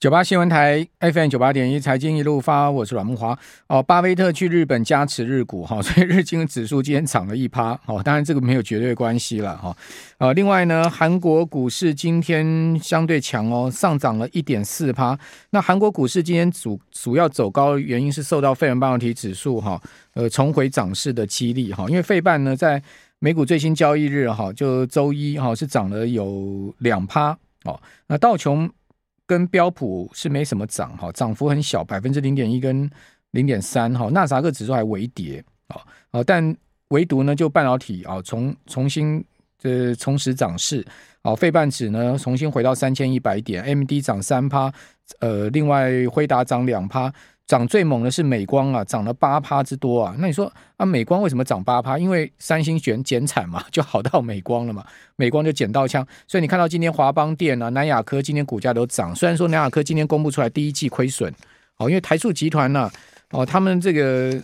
九八新聞台 FM 九八點一財經一路發，我是阮慕驊哦。巴菲特去日本加持日股哈、哦，所以日經指數今天漲了一趴哦。當然這個沒有絕對關係了哈。呃，另外呢，韓國股市今天相對強哦，上漲了一點四趴。那韓國股市今天主主要走高原因是受到費城半導體指數哈、哦、呃重回漲勢的激勵哈、哦。因為費半呢在美股最新交易日哈、哦、就周一哈、哦、是漲了有兩趴哦。那道瓊。跟標普是沒什麼漲哈，漲幅很小，百分之零點一跟零點三哈。那斯達克指數還微跌啊啊，但唯獨呢就半導體啊，重重新呃重拾漲勢啊，費半指呢重新回到三千一百點，AMD 漲三趴，呃，另外輝達漲兩趴。漲最猛的是美光啊，漲了八趴之多啊！那你說啊，美光為什麼漲八趴？因為三星宣減產嘛，就好到美光了嘛，美光就撿到槍。所以你看到今天華邦電啊、南亞科今天股價都漲，雖然說南亞科今天公布出來第一季虧損，哦，因為台塑集團呢、啊，哦，他們這個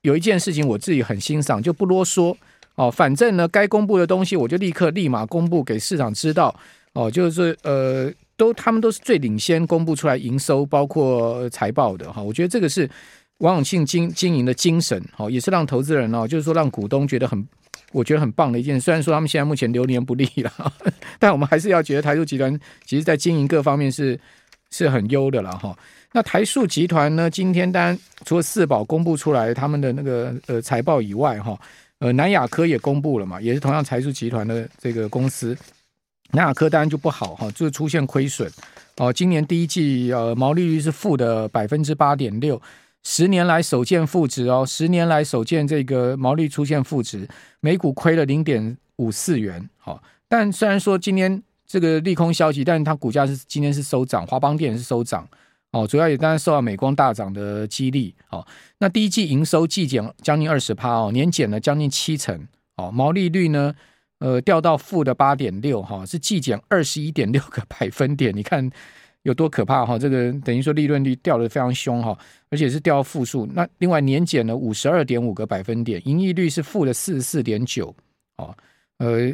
有一件事情我自己很欣賞，就不囉嗦哦，反正呢該公布的東西我就立刻立馬公布給市場知道哦，就是呃。都，他們都是最領先公布出來營收，包括財報的哈、哦。我覺得這個是王永慶經經營的精神，哈、哦，也是讓投資人哦，就是說讓股東覺得很，我覺得很棒的一件事。雖然說他們現在目前流年不利了，但我們還是要覺得台塑集團其實在經營各方面是是很優的了哈、哦。那台塑集團呢，今天當然除了四寶公布出來他們的那個呃財報以外哈，呃南亞科也公布了嘛，也是同樣台塑集團的這個公司。南亞科當然就不好哈，就出現虧損哦。今年第一季呃毛利率是負的百分之八點六，十年來首見負值哦，十年來首見這個毛利出現負值，每股虧了零點五四元哦。但雖然說今天這個利空消息，但是它股價是今天是收漲，華邦電是收漲哦，主要也當然受到美光大漲的激勵哦。那第一季營收季減將近二十趴哦，年減了將近七成哦，毛利率呢？呃，掉到負的八點六哈，是季減二十一點六個百分點，你看有多可怕哈、哦？這個等於說利潤率掉得非常凶哈、哦，而且是掉到負數。那另外年減了五十二點五個百分點，盈利率是負的四十四點九，哦，呃，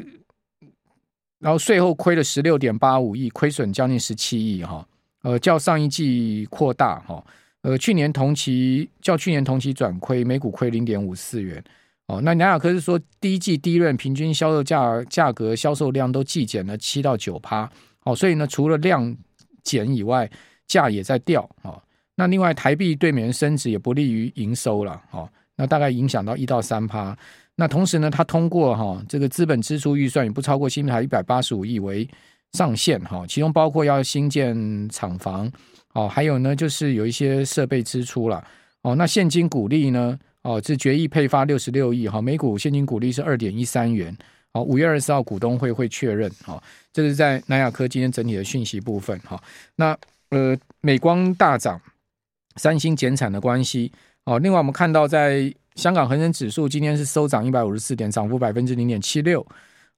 然後稅後虧了十六點八五億，虧損將近十七億哈、哦，呃，較上一季擴大哈、哦，呃，去年同期較去年同期轉虧，每股虧零點五四元。哦，那南亞科是說第一季第一輪平均銷售價價格、銷售量都季減了七到九趴，哦，所以呢，除了量減以外，價也在掉，哦，那另外台幣對美元升值也不利於營收了，哦，那大概影響到一到三趴，那同時呢，它通過哈、哦、這個資本支出預算也不超過新台一百八十五億為上限，哈、哦，其中包括要新建廠房，哦，還有呢就是有一些設備支出了，哦，那現金股利呢？哦，是決議配發六十六億，哈，每股現金股利是二點一三元，好、哦，五月二十四號股東會會確認，好、哦，這是在南亞科今天整體的訊息部分，哈、哦，那呃，美光大漲，三星減產的關係，哦，另外我們看到在香港恆生指數今天是收漲一百五十四點，漲幅百分之零點七六。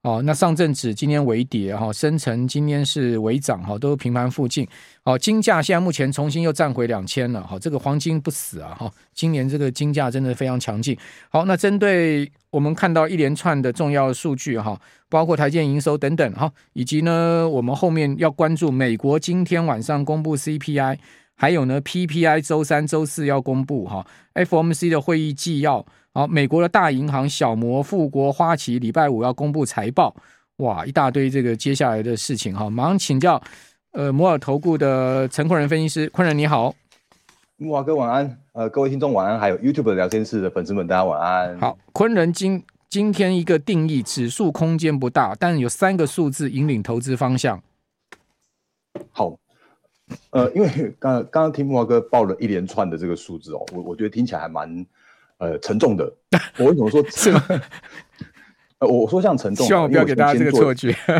哦，那上證指今天微跌哈，深成今天是微漲哈，都平盤附近。好，金價現在目前重新又站回兩千了哈，這個黃金不死啊哈，今年這個金價真的非常強勁。好，那針對我們看到一連串的重要數據哈，包括台積營收等等哈，以及呢我們後面要關注美國今天晚上公布 CPI，還有呢 PPI，周三、周四要公布哈，FOMC 的會議紀要。好，美國的大銀行、小摩、富國、花旗，禮拜五要公布財報，哇，一大堆這個接下來的事情哈。馬上請教，呃，摩爾投顧的陳昆仁分析師，昆仁你好，慕驊哥晚安，呃，各位聽眾晚安，還有 YouTube 的聊天室的粉絲們，大家晚安。好，昆仁今今天一個定義指數空間不大，但有三個數字引領投資方向。好，呃，因為剛剛剛聽慕驊哥報了一連串的這個數字哦，我我覺得聽起來還蠻。呃，沉重的，我為什麼說沉重？ 是嗎？呃，我說像沉重的，希望我不要給大家這個錯覺做，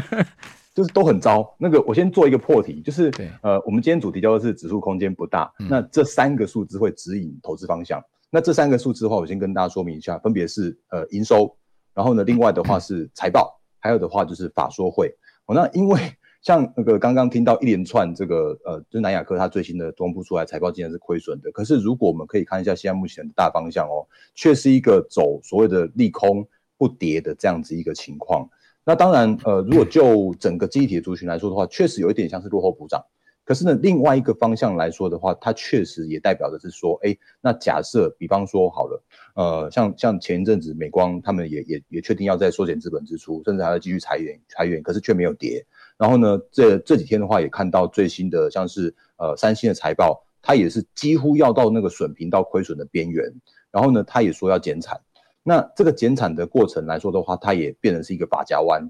就是都很糟。那個，我先做一個破題，就是，呃，我們今天主題叫做是指數空間不大，那這三個數字會指引投資方向，嗯。那這三個數字的話，我先跟大家說明一下，分別是呃營收，然後呢，另外的話是財報，嗯，還有的話就是法說會。哦，那因為。像那個剛剛聽到一連串這個，呃，就是、南亞科它最新的公布出來財報，竟然是虧損的。可是如果我們可以看一下現在目前的大方向哦，卻是一個走所謂的利空不跌的這樣子一個情況。那當然，呃，如果就整個記憶體的族群來說的話，確、嗯、實有一點像是落後補漲。可是呢，另外一個方向來說的話，它確實也代表的是說，誒、欸、那假設比方說好了，呃，像像前一陣子美光他們也也也確定要再縮減資本支出，甚至還要繼續裁員裁員，可是卻沒有跌。然後呢，這這幾天的話也看到最新的像是呃三星的財報，它也是幾乎要到那個損平到虧損的邊緣，然後呢，它也說要減產。那這個減產的過程來說的話，它也變成是一個髮夾彎。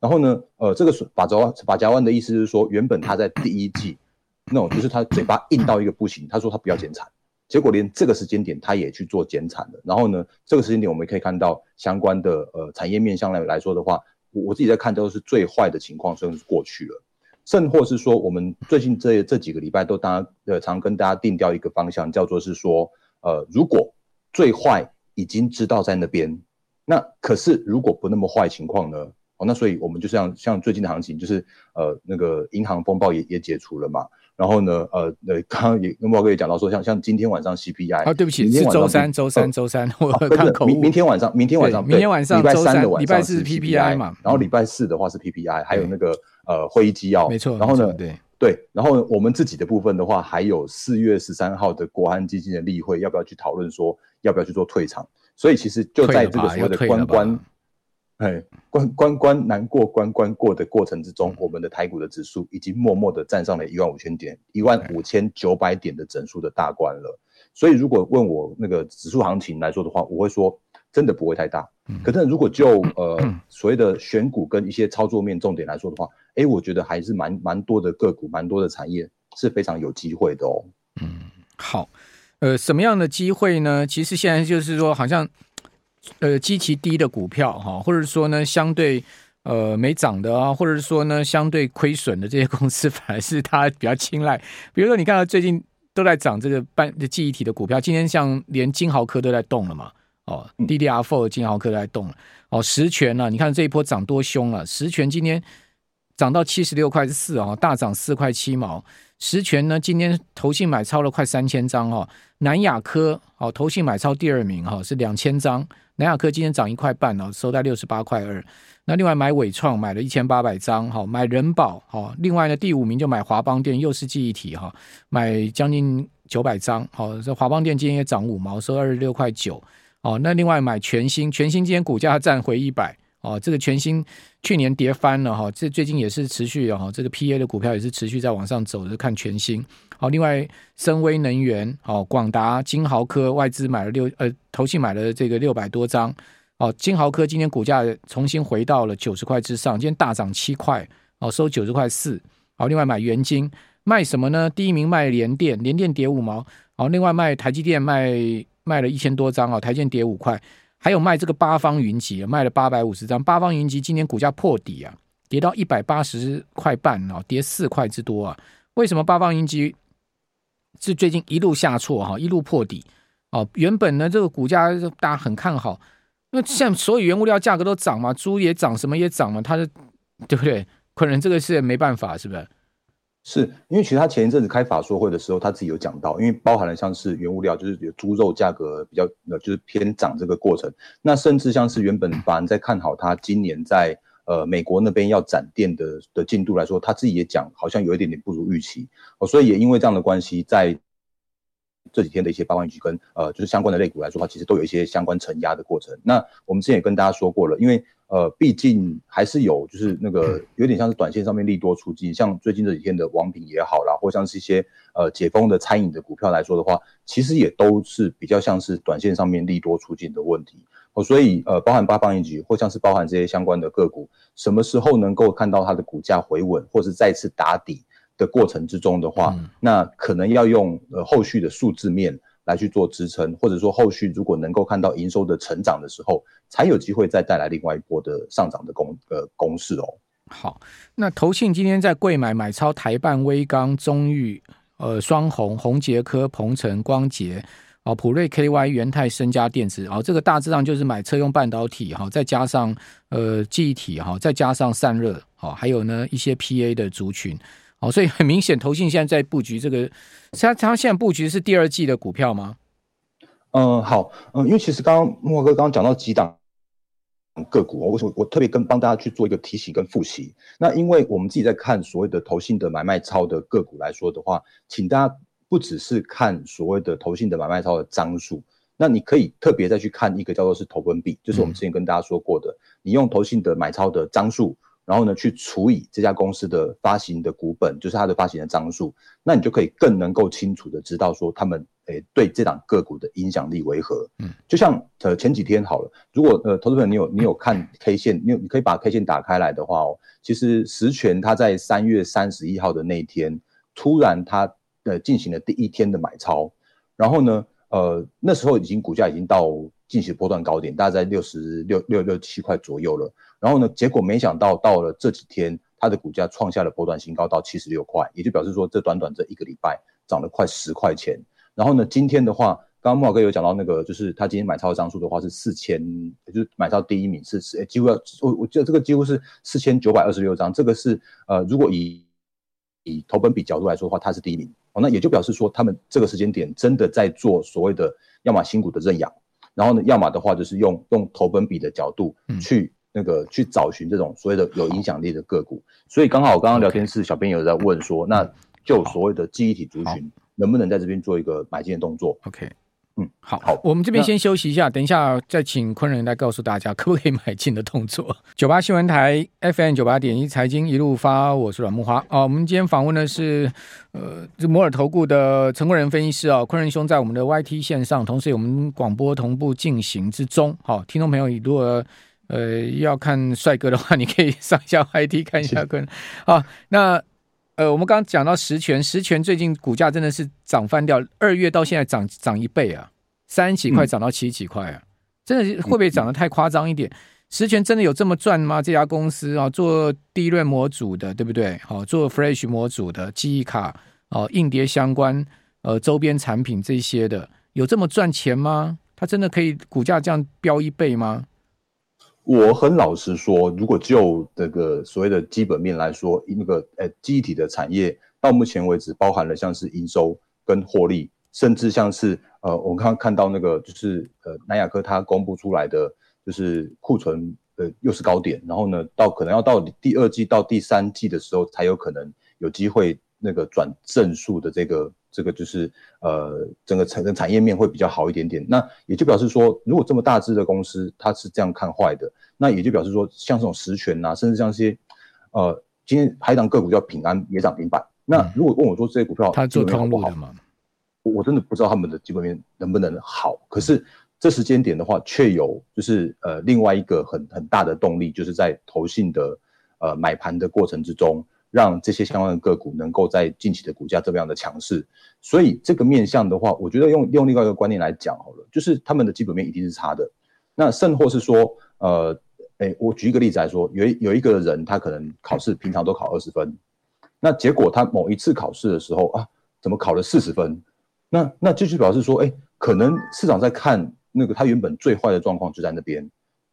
然後呢，呃，這個法把法焦萬的意思是說，原本他在第一季，那種、 no, 就是他嘴巴硬到一個不行，他說他不要減產，結果連這個時間點他也去做減產了。然後呢，這個時間點我們可以看到相關的呃產業面向來來說的話，我我自己在看都是最壞的情況算是過去了，甚或是說我們最近這這幾個禮拜都大家呃常，常跟大家定調一個方向，叫做是說，呃，如果最壞已經知道在那邊，那可是如果不那麼壞情況呢？哦，那所以我們就像像最近的行情，就是呃那個銀行風暴也也解除了嘛。然後呢，呃呃，剛剛也跟慕哥也講到說，像像今天晚上 CPI 啊，對不起，是週三週三週三，我看明明天晚上，明天晚上，明天晚上，禮拜三的晚上禮拜四是 PPI 嘛。然後禮拜四的話是 PPI，、嗯、還有那個呃會議紀要，沒錯。然後呢，對對，然後我們自己的部分的話，還有四月十三號的國安基金的例會，要不要去討論說要不要去做退場？所以其實就在這個時候的關關。哎，關關難過，關關過的過程之中，我們的台股的指數已經默默的站上了一萬五千點、一萬五千九百點的整數的大關了。所以，如果問我那個指數行情來說的話，我會說真的不會太大。可是，如果就呃、嗯、所謂的選股跟一些操作面重點來說的話，哎、欸，我覺得還是蠻蠻多的個股、蠻多的產業是非常有機會的哦。嗯，好，呃，什麼樣的機會呢？其實現在就是說，好像。呃，基期低的股票哈，或者說呢，相對呃沒漲的啊，或者是說呢，相對虧損的這些公司，反而是他比較青睞。比如說，你看到最近都在漲這個半的記憶體的股票，今天像連晶豪科都在動了嘛？哦、嗯、，DDR4 晶豪科都在動了。哦，十銓啊，你看這一波漲多凶了、啊！十銓今天漲到七十六塊四啊，大漲四塊七毛。十銓呢，今天投信買超了快三千張哈。南亞科哦，投信買超第二名哈，是兩千張。南亞科今天漲一塊半哦，收在六十八塊二。那另外買偉創買了一千八百張，好買人保好。另外呢，第五名就買華邦電，又是記憶體哈，買將近九百張。好，這華邦電今天也漲五毛，收二十六塊九。哦，那另外買全新，全新今天股價站回一百。哦，這個全新去年跌翻了哈、哦，這最近也是持續哈、哦，這個 P A 的股票也是持續在往上走着看全新，好、哦，另外森崴能源，哦，廣達、金豪科，外資買了六呃，投信買了這個六百多張，哦，金豪科今天股價重新回到了九十塊之上，今天大漲七塊，哦，收九十塊四，好，另外買元晶。賣什麼呢？第一名賣聯電，聯電跌五毛，好、哦，另外賣台積電賣，賣賣了一千多張哦，台積電跌五塊。還有賣這個八方雲集，賣了八百五十張。八方雲集今年股價破底啊，跌到一百八十塊半哦，跌四塊之多啊。為什麼八方雲集是最近一路下挫哈，一路破底哦？原本呢，這個股價大家很看好，因為像所有原物料價格都漲嘛，豬也漲，什麼也漲嘛，它是對不對？可能這個是沒辦法，是不是？是因為其實他前一陣子開法說會的時候，他自己有講到，因為包含了像是原物料，就是有豬肉價格比較呃，就是偏漲這個過程。那甚至像是原本法人在看好他今年在呃美國那邊要展店的的進度來說，他自己也講，好像有一點點不如預期。哦，所以也因為這樣的關係，在這幾天的一些八方雲集跟呃就是相關的類股來說的話，其實都有一些相關承壓的過程。那我們之前也跟大家說過了，因為呃畢竟還是有就是那個有點像是短線上面利多出盡，像最近這幾天的王品也好啦，或像是一些呃解封的餐飲的股票來說的話，其實也都是比較像是短線上面利多出盡的問題。哦，所以呃包含八方雲集或像是包含這些相關的個股，什麼時候能夠看到它的股價回穩或者再次打底？的過程之中的話，嗯、那可能要用呃後續的數字面來去做支撐，或者說後續如果能夠看到營收的成長的時候，才有機會再帶來另外一波的上漲的攻呃攻勢哦。好，那投信今天在櫃買買超台半、威剛中裕、呃雙鴻、宏捷科、朋程光捷、哦、普瑞 K Y、元泰、昇佳電子哦，這個大致上就是買車用半導體哈、哦，再加上呃記憶體哈、哦，再加上散熱好、哦，還有呢一些 P A 的族群。好、哦，所以很明顯，投信現在在布局這個，它它現在布局是第二季的股票嗎？嗯、呃，好，嗯、呃，因為其實剛剛慕驊哥剛剛講到幾檔個股，我我特別跟幫大家去做一個提醒跟複習。那因為我們自己在看所謂的投信的買賣超的個股來說的話，請大家不只是看所謂的投信的買賣超的張數，那你可以特別再去看一個叫做是投分比，就是我們之前跟大家說過的，嗯、你用投信的買超的張數。然後呢，去除以這家公司的發行的股本，就是它的發行的張數，那你就可以更能夠清楚的知道說，他們誒對這檔個股的影響力為何。嗯，就像呃前幾天好了，如果呃投資朋友你有你有看 K 線，你有你可以把 K 線打開來的話哦，其實實全他在三月三十一號的那一天，突然他呃進行了第一天的買超，然後呢，呃那時候已經股價已經到。進行波段高點大概在六十六六六七塊左右了，然後呢，結果沒想到到了這幾天，它的股價創下了波段新高到七十六塊，也就表示說這短短這一個禮拜漲了快十塊錢。然後呢，今天的話，剛剛慕哥有講到那個，就是他今天買超的張數的話是四千，就是買到第一名是是、欸、幾乎要我我記得這個幾乎是四千九百二十六張，這個是呃如果以以投本比角度來說的話，它是第一名哦，那也就表示說他們這個時間點真的在做所謂的亞馬新股的認養。然後呢，要麼的話，就是用用投本比的角度去、嗯、那個去找尋這種所謂的有影響力的個股。所以剛好我剛剛聊天室、okay. 小朋友在問說，那就所謂的記憶體族群能不能在這邊做一個買進的動作？OK。嗯，好，我們這邊先休息一下，等一下再請昆仁來告訴大家可不可以買進的動作。九八新聞台 FM 九八點一財經一路發，我是阮慕驊啊、哦。我們今天訪問的是，呃，這摩爾投顧的陳昆仁分析師啊、哦，昆仁兄在我們的 YT 線上，同時我們廣播同步進行之中。好、哦，聽眾朋友，你如果呃要看帥哥的話，你可以上一下 YT 看一下昆。好，那。呃，我們剛剛講到實權，實權最近股價真的是漲翻掉，二月到現在漲漲一倍啊，三十幾塊漲到七十幾塊啊，嗯、真的是會不會漲得太誇張一點？實、嗯、權真的有這麼賺嗎？這家公司啊、哦，做第一 a 模組的，對不對？好、哦，做 f r e s h 模組的記憶卡啊、哦，硬碟相關呃周邊產品這些的，有這麼賺錢嗎？它真的可以股價這樣飆一倍嗎？我很老實說，如果就這個所謂的基本面來說，那個呃記憶體的產業到目前為止，包含了像是營收跟獲利，甚至像是呃我剛剛看到那個就是呃南亞科它公布出來的就是庫存呃又是高點，然後呢到可能要到第二季到第三季的時候才有可能有機會那個轉正數的這個。這個就是呃，整個產整個產業面會比較好一點點。那也就表示說，如果這麼大隻的公司它是這樣看壞的，那也就表示說，像這種實權吶，甚至像一些呃，今天排檔個股叫平安也漲停板，嗯。那如果問我說，這些股票能不能不好嘛，我我真的不知道他們的基本面能不能好。嗯，可是這時間點的話，卻有就是呃另外一個很很大的動力，就是在投信的呃買盤的過程之中，讓這些相關的個股能夠在近期的股價這麼樣的強勢，所以這個面向的話，我覺得用用另外一個觀念來講好了，就是他們的基本面一定是差的。那甚或是說，呃，哎，我舉一個例子來說，有有一個人他可能考試平常都考二十分，那結果他某一次考試的時候啊，怎麼考了四十分？那那就是表示說，哎，可能市場在看那個他原本最壞的狀況就在那邊。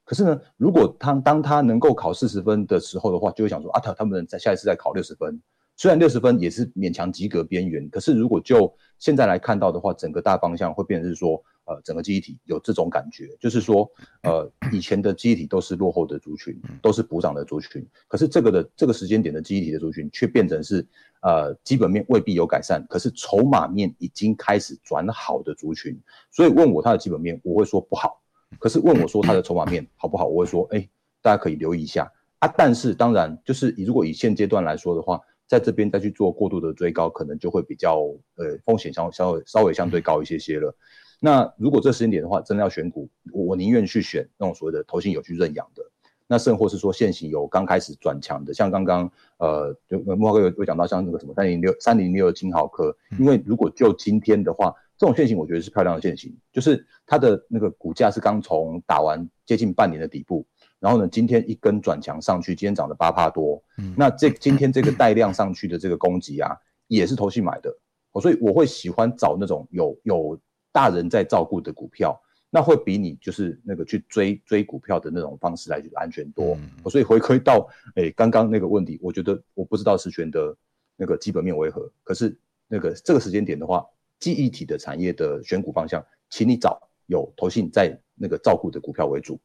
可是呢，如果他當他能夠考四十分的時候的話，就會想說啊，他們在下一次再考六十分，雖然六十分也是勉強及格邊緣，可是如果就現在來看到的話，整個大方向會變成是說，呃，整個記憶體有這種感覺，就是說，呃，以前的記憶體都是落後的族群，都是補漲的族群，可是這個的這個時間點的記憶體的族群卻變成是，呃，基本面未必有改善，可是籌碼面已經開始轉好的族群，所以問我他的基本面，我會說不好。可是問我說他的籌碼面好不好，我會說，哎、欸，大家可以留意一下啊。但是當然，就是以如果以現階段來說的話，在這邊再去做過度的追高，可能就會比較呃風險相稍微稍微相對高一些些了。 那如果這時間點的話，真的要選股，我我寧願去選那種所謂的投信有去認養的，那甚或是說現行有剛開始轉強的，像剛剛呃就慕驊哥有有講到像那個什麼三零六三零六的晶豪科， 因為如果就今天的話。這種線型我覺得是漂亮的線型，就是它的那個股價是剛從打完接近半年的底部，然後呢，今天一根轉強上去，今天漲了八趴多、嗯。那這今天這個帶量上去的這個攻擊啊，也是投信買的、哦，所以我會喜歡找那種有有大人在照顧的股票，那會比你就是那個去追追股票的那種方式來覺得安全多。嗯哦、所以回歸到誒剛剛那個問題，我覺得我不知道石權的那個基本面為何，可是那個這個時間點的話。記憶體的產業的選股方向，請你找有投信在那個照顧的股票為主。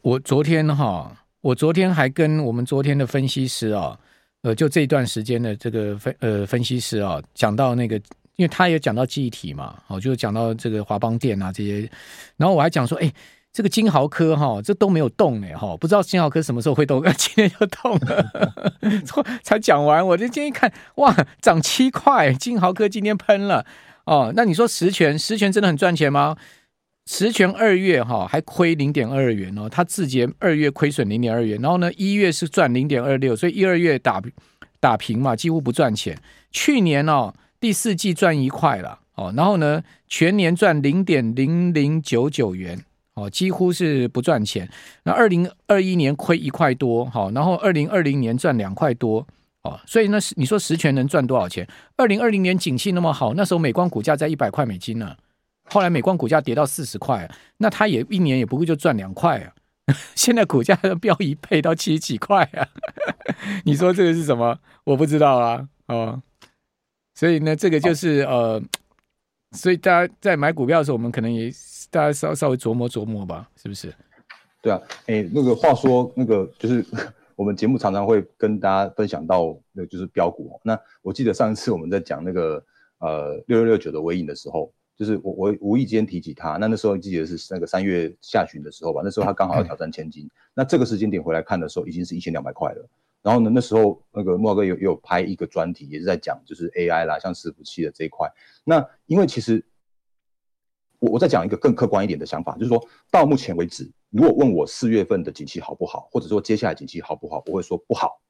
我昨天哈，我昨天還跟我們昨天的分析師啊，呃，就這一段時間的這個分呃分析師啊，講到那個，因為他也講到記憶體嘛，哦，就講到這個華邦電啊這些，然後我還講說，哎、欸。這個晶豪科哈、哦，這都沒有動呢，哈，不知道晶豪科什麼時候會動，今天要動了， 才講完我就今天一看，哇，漲七塊，晶豪科今天噴了哦。那你說十銓，十銓真的很賺錢嗎？十銓二月哈、哦、還虧零點二元哦，它自結二月虧損零點二元，然後呢一月是賺零點二六，所以一二月打打平嘛，幾乎不賺錢。去年哦第四季賺一塊了哦，然後呢全年賺零點零零九九元。哦，幾乎是不賺錢。那二零二一年虧一塊多，好，然後二零二零年賺兩塊多，哦，所以那你說十全能賺多少錢？二零二零年景氣那麼好，那時候美光股價在一百塊美金呢、啊。後來美光股價跌到四十塊，那他也一年也不過就賺兩塊啊。現在股價飆一倍到七十幾塊啊， 你說這個是什麼？我不知道啊，哦、嗯，所以呢，這個就是、哦、呃，所以大家在買股票的時候，我們可能也。大家稍稍微琢磨琢磨吧，是不是？對啊，哎、欸，那個話說，那個就是我們節目常常會跟大家分享到，那就是飆股。那我記得上一次我們在講那個呃六六六九的緯穎的時候，就是我我無意間提起它。那那時候記得是那個三月下旬的時候吧，那時候它剛好要挑戰千金、嗯。那這個時間點回來看的時候，已經是一千兩百塊了。然後呢，那時候那個慕驊哥有有拍一個專題，也是在講就是 AI 啦，像伺服器的這一塊。那因為其實。我再講一個更客觀一點的想法，就是說到目前為止，如果問我四月份的景氣好不好，或者說接下來景氣好不好，我會說不好。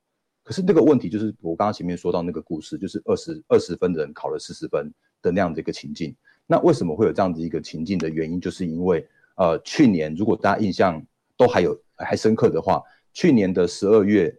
可是那個問題就是我剛剛前面說到那個故事，就是二十二十分的人考了四十分的那樣的一個情境。那為什麼會有這樣子一個情境的原因，就是因為呃去年如果大家印象都還有還深刻的話，去年的十二月，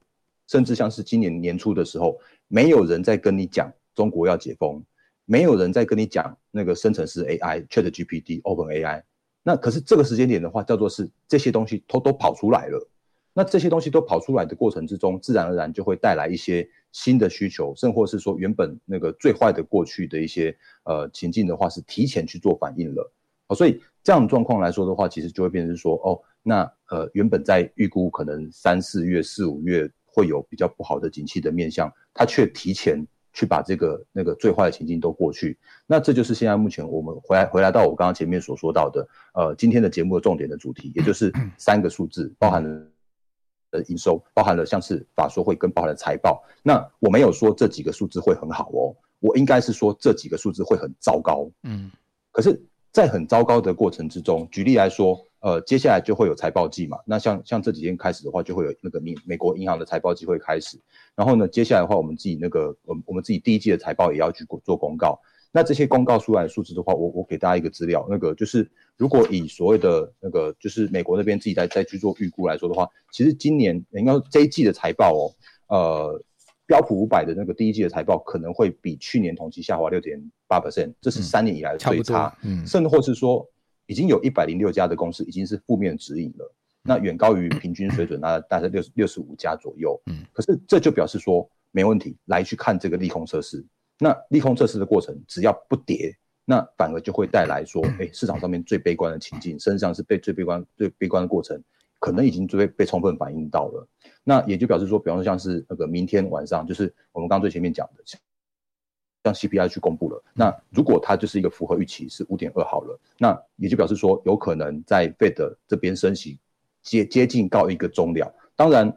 甚至像是今年年初的時候，沒有人在跟你講中國要解封。沒有人在跟你講那個生成式 AI、ChatGPT、OpenAI。那可是這個時間點的話，叫做是這些東西都都跑出來了。那這些東西都跑出來的過程之中，自然而然就會帶來一些新的需求，甚或是說原本那個最壞的過去的一些呃情境的話，是提前去做反應了。所以這樣的狀況來說的話，其實就會變成說，哦，那呃原本在預估可能三四月、四五月會有比較不好的景氣的面向，它卻提前。去把這個那個最壞的情境都過去，那這就是現在目前我們回來回來到我剛剛前面所說到的，呃，今天的節目的重點的主題，也就是三個數字，包含了呃營收，包含了像是法說會跟包含了財報。那我沒有說這幾個數字會很好哦，我應該是說這幾個數字會很糟糕。嗯，可是，在很糟糕的過程之中，舉例來說，呃，接下來就會有財報季嘛，那像像這幾天開始的話，就會有那個美美國銀行的財報季會開始。然後呢，接下來的話，我們自己那個，我、嗯、我們自己第一季的財報也要去做公告。那這些公告出來的數字的話，我我給大家一個資料，那個就是如果以所謂的那個就是美國那邊自己在在去做預估來說的話，其實今年應該說這一季的財報哦，呃，標普五百的那個第一季的財報可能會比去年同期下滑六點八%，這是三年以來的最差，嗯，差，嗯、甚至或是說。已經有一百零六家的公司已經是負面指引了，那遠高於平均水準，那大概六十六十五家左右。嗯，可是這就表示說沒問題。來去看這個利空測試，那利空測試的過程只要不跌，那反而就會帶來說，誒，市場上面最悲觀的情境，甚至是被最悲觀、最悲觀的過程，可能已經最被充分反映到了。那也就表示說，比方說像是那個明天晚上，就是我們剛剛最前面講的。讓 CPI 去公布了，那如果它就是一個符合預期，是五點二好了，那也就表示說有可能在 Fed 這邊升息接接近到一個終了。當然，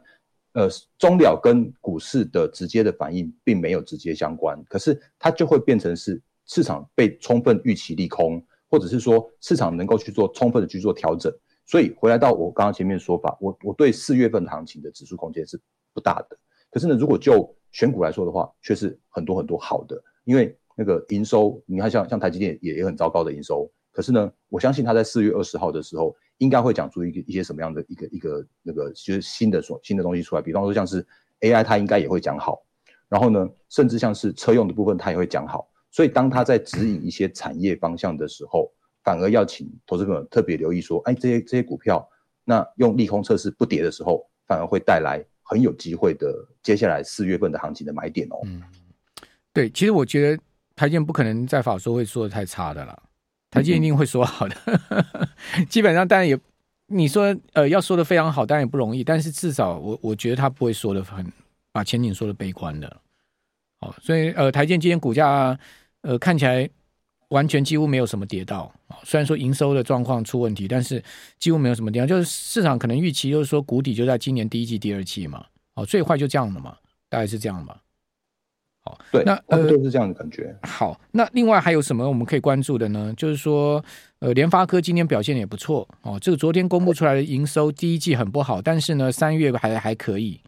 呃，終了跟股市的直接的反應並沒有直接相關，可是它就會變成是市場被充分預期利空，或者是說市場能夠去做充分的去做調整。所以回來到我剛剛前面說法，我我對四月份的行情的指數空間是不大的，可是呢，如果就選股來說的話，卻是很多很多好的。因為那個營收，你看像像台積電也也很糟糕的營收。可是呢，我相信他在四月二十號的時候，應該會講出一個一些什麼樣的一個一個那個就是新的說新的東西出來。比方說像是 AI，它應該也會講好。然後呢，甚至像是車用的部分，它也會講好。所以當他在指引一些產業方向的時候，嗯、反而要請投資朋友特別留意說，哎，這些這些股票，那用利空測試不跌的時候，反而會帶來很有機會的接下來四月份的行情的買點哦。嗯對，其實我覺得台建不可能在法說會說的太差的啦，台建一定會說好的。 基本上，當然也，你說呃要說的非常好，當然也不容易。但是至少我我覺得他不會說的很，把、啊、前景說的悲觀的。哦，所以呃台建今天股價呃看起來完全幾乎沒有什麼跌到，雖然說營收的狀況出問題，但是幾乎沒有什麼跌到，就是市場可能預期就是說谷底就在今年第一季、第二季嘛，哦，最壞就這樣了嘛，大概是這樣嘛。好，對，那他們就是這樣的感覺、呃？好，那另外還有什麼我們可以關注的呢？就是說，呃，聯發科今天表現也不錯哦。這個昨天公布出來的營收第一季很不好，但是呢，三月還還可以。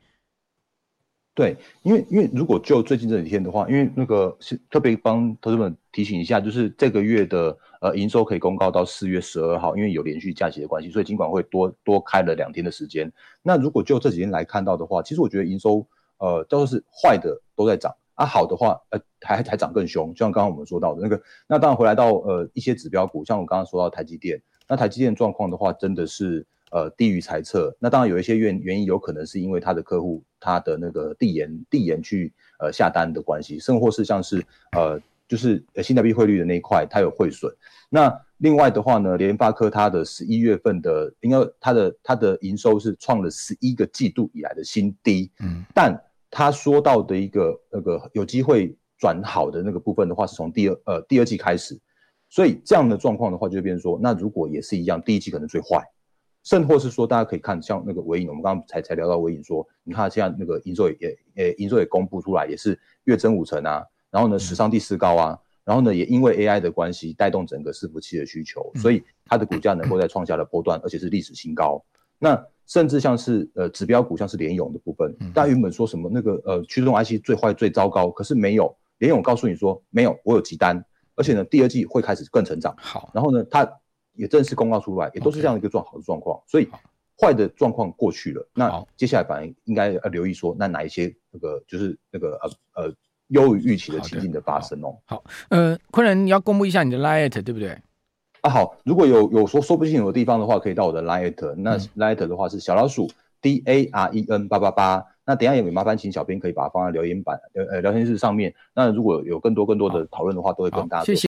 對，因為因為如果就最近這幾天的話，因為那個是特別幫同學們提醒一下，就是這個月的呃營收可以公告到四月十二號，因為有連續假期的關係，所以儘管會多多開了兩天的時間。那如果就這幾天來看到的話，其實我覺得營收呃都是壞的都在漲。啊，好的話，呃，還還漲更兇，就像剛剛我們說到的那個。那當然回來到呃一些指標股，像我剛剛說到台積電，那台積電狀況的話，真的是呃低於財測。那當然有一些原因原因，有可能是因為它的客戶它的那個遞延遞延去呃下單的關係，甚或是像是呃就是新台幣匯率的那一塊它有匯損。那另外的話呢，聯發科它的十一月份的應該它的它的營收是創了十一個季度以來的新低，嗯，但。他說到的一個那個有機會轉好的那個部分的話，是從第二呃第二季開始，所以這樣的狀況的話，就會變成說，那如果也是一樣，第一季可能最壞，甚或是說，大家可以看像那個緯穎，我們剛剛才才聊到緯穎，說你看現在那個營收也也營收也公布出來，也是月增五成啊，然後呢史上第四高啊，然後呢也因為 AI 的關係帶動整個伺服器的需求，所以它的股價能夠再創下的波段，而且是歷史新高，那。甚至像是呃指標股，像是聯詠的部分，大家原本說什麼那個呃驅動 IC 最壞最糟糕，可是沒有聯詠告訴你說沒有，我有急單，而且呢第二季會開始更成長。好，然後呢它也正式公告出來，也都是這樣一個狀好的狀況，所以壞的狀況過去了，那接下來反而應該要留意說那哪一些那個就是那個呃呃優於預期的情境的發生哦好好。好，呃昆仁，你要公布一下你的 LINE@ 對不對？啊好，如果有有說說不清楚的地方的話，可以到我的 LINE，那 LINE 的話是小老鼠、嗯、D A R E N 八八八。那等一下有麻煩，請小編可以把它放在留言板呃呃聊天室上面。那如果有更多更多的討論的話，都會跟大家謝謝。